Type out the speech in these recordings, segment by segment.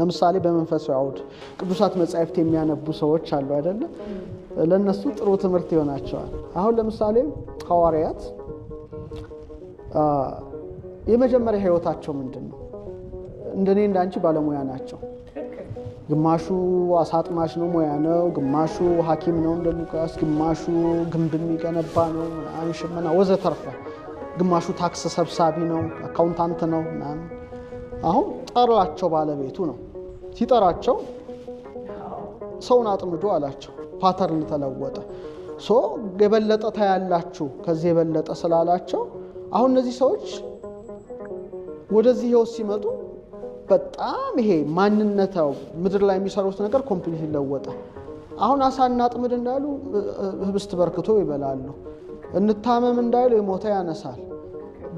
ለምሳሌ በመንፈሳዊ አውድ ቅዱሳት መጽሐፍት የሚያነቡ ሰዎች አሉ አይደለ? ለእነሱ ጥሩ ትምህርት ይሆናቸዋል። አሁን ለምሳሌ ሐዋርያት የመጀመሪያ ህይወታቸው ምንድን ነው? እንደኔ እንዳንቺ ባለሙያ ናቸው። ግማሹ አሳጥማሽ ነው፣ ሙያ ነው። ግማሹ ሐኪም ነው እንደ ሉቃስ፣ ግማሹ ግንብ የሚገነባ ነው፣ ወዘ ወዘተርፈ። ግማሹ ታክስ ሰብሳቢ ነው፣ አካውንታንት ነው ምናምን። አሁን ጠሯቸው ባለቤቱ ነው። ሲጠራቸው ሰውን አጥምዶ አላቸው። ፓተርን ተለወጠ። ሶ የበለጠ ታያላችሁ ከዚህ የበለጠ ስላላቸው አሁን እነዚህ ሰዎች ወደዚህ ህይወት ሲመጡ በጣም ይሄ ማንነተው ምድር ላይ የሚሰሩት ነገር ኮምፕሊት ይለወጠ። አሁን አሳ እናጥምድ እንዳሉ ህብስት በርክቶ ይበላሉ። እንታመም እንዳሉ የሞተ ያነሳል።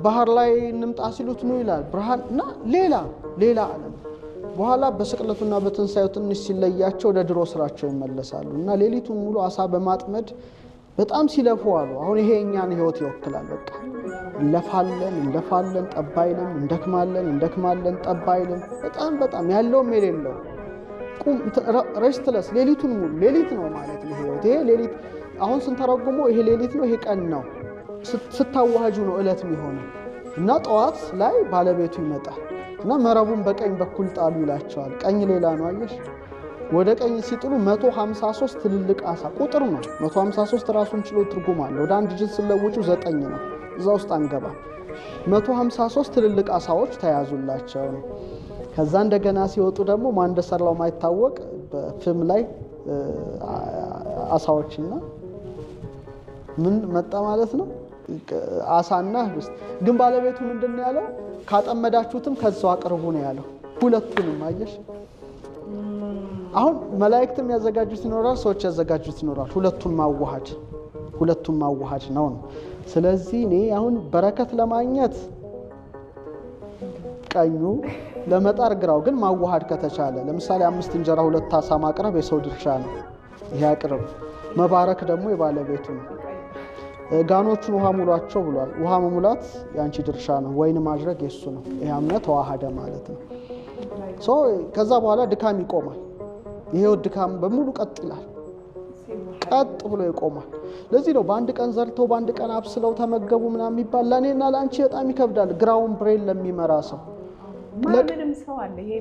ባህር ላይ እንምጣ ሲሉት ኑ ይላል ብርሃን እና ሌላ ሌላ ዓለም በኋላ በስቅለቱና በትንሳኤው ትንሽ ሲለያቸው ወደ ድሮ ስራቸው ይመለሳሉ እና ሌሊቱን ሙሉ አሳ በማጥመድ በጣም ሲለፉ አሉ። አሁን ይሄ እኛን ህይወት ይወክላል። በቃ እንለፋለን፣ እንለፋለን፣ ጠባይልም፣ እንደክማለን፣ እንደክማለን፣ ጠባይልም በጣም በጣም ያለውም የሌለው ሬስትለስ ሌሊቱን ሙሉ ሌሊት ነው ማለት ነው ህይወት። ይሄ ሌሊት አሁን ስንተረጉመው ይሄ ሌሊት ነው፣ ይሄ ቀን ነው። ስታዋህጁ ነው እለት የሚሆነው እና ጠዋት ላይ ባለቤቱ ይመጣል እና መረቡን በቀኝ በኩል ጣሉ ይላቸዋል። ቀኝ ሌላ ነው አየሽ። ወደ ቀኝ ሲጥሉ 153 ትልልቅ አሳ ቁጥር ነው። 153 ራሱን ችሎ ትርጉም አለ። ወደ አንድ ጅት ስለውጩ ዘጠኝ ነው። እዛ ውስጥ አንገባ። 153 ትልልቅ አሳዎች ተያዙላቸው። ከዛ እንደገና ሲወጡ ደግሞ ማን እንደሰራው ማይታወቅ በፍም ላይ አሳዎችና ምን መጣ ማለት ነው አሳና ህብስት። ግን ባለቤቱ ምንድን ነው ያለው? ካጠመዳችሁትም ከዛው አቅርቡ ነው ያለው። ሁለቱንም አየሽ። አሁን መላእክትም ያዘጋጁት ይኖራል፣ ሰዎች ያዘጋጁት ይኖራል። ሁለቱን ማዋሃድ ሁለቱን ማዋሃድ ነው ነው። ስለዚህ እኔ አሁን በረከት ለማግኘት ቀኙ ለመጣር ግራው። ግን ማዋሃድ ከተቻለ ለምሳሌ አምስት እንጀራ ሁለት አሳ ማቅረብ የሰው ድርሻ ነው። ይሄ አቅርብ መባረክ ደግሞ የባለቤቱ ነው። ጋኖቹን ውሃ ሙሏቸው ብሏል። ውሃ መሙላት የአንቺ ድርሻ ነው፣ ወይን ማድረግ የሱ ነው። ይህ እምነት ተዋሃደ ማለት ነው። ከዛ በኋላ ድካም ይቆማል። ይሄው ድካም በሙሉ ቀጥ ይላል፣ ቀጥ ብሎ ይቆማል። ለዚህ ነው በአንድ ቀን ዘርተው በአንድ ቀን አብስለው ተመገቡ ምናምን የሚባል ለእኔና ለአንቺ በጣም ይከብዳል። ግራውን ብሬን ለሚመራ ሰው ለምንም ሰው አለ ይሄ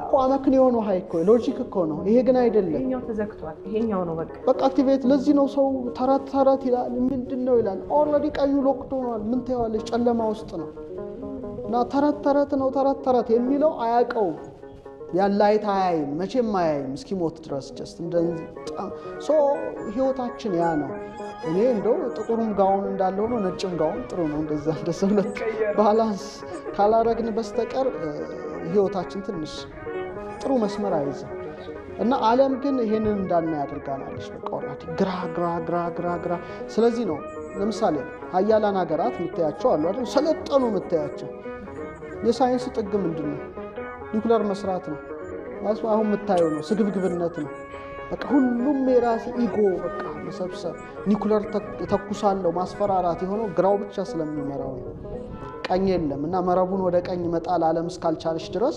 እኮ አመክንዮ ነው። ሀይ እኮ ሎጂክ እኮ ነው። ይሄ ግን አይደለም። ይሄኛው ተዘግቷል። ይሄኛው ነው በቃ በቃ አክቲቬት። ለዚህ ነው ሰው ተራት ተራት ይላል። ምንድን ነው ይላል። ኦልሬዲ ቀዩ ሎክድ ሆኗል። ምን ትይዋለች? ጨለማ ውስጥ ነው እና ተረት ተረት ነው ተረት ተረት የሚለው አያውቀውም። ያለ አይታ አያይም መቼም አያይም እስኪሞት ድረስ ጀስት ሶ ህይወታችን ያ ነው። እኔ እንደው ጥቁሩም ጋውን እንዳለ ሆኖ ነጭም ጋውን ጥሩ ነው። እንደዛ እንደሰ ሁለት ባላንስ ካላረግን በስተቀር ህይወታችን ትንሽ ጥሩ መስመር አይዝም እና ዓለም ግን ይሄንን እንዳና ያደርጋናለች። በቃ ግራ ግራ ግራ ግራ ግራ። ስለዚህ ነው ለምሳሌ ሀያላን ሀገራት የምታያቸው አሉ አይደል፣ ሰለጠኑ የምታያቸው የሳይንስ ጥግ ምንድን ነው? ኒኩለር መስራት ነው። ራሱ አሁን የምታየው ነው፣ ስግብግብነት ነው። በቃ ሁሉም የራሴ ኢጎ በቃ መሰብሰብ፣ ኒኩለር ተኩሳለው ማስፈራራት የሆነው ግራው ብቻ ስለሚመራው ነው። ቀኝ የለም እና መረቡን ወደ ቀኝ መጣል ዓለም እስካልቻለች ድረስ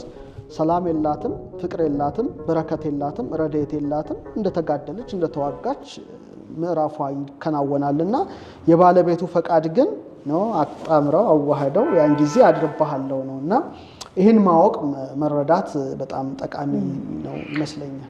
ሰላም የላትም፣ ፍቅር የላትም፣ በረከት የላትም፣ ረድኤት የላትም። እንደተጋደለች እንደተዋጋች ምዕራፏ ይከናወናል እና የባለቤቱ ፈቃድ ግን ነው አጣምረው አዋህደው ያን ጊዜ አድርባሃለው ነው እና ይህን ማወቅ መረዳት በጣም ጠቃሚ ነው ይመስለኛል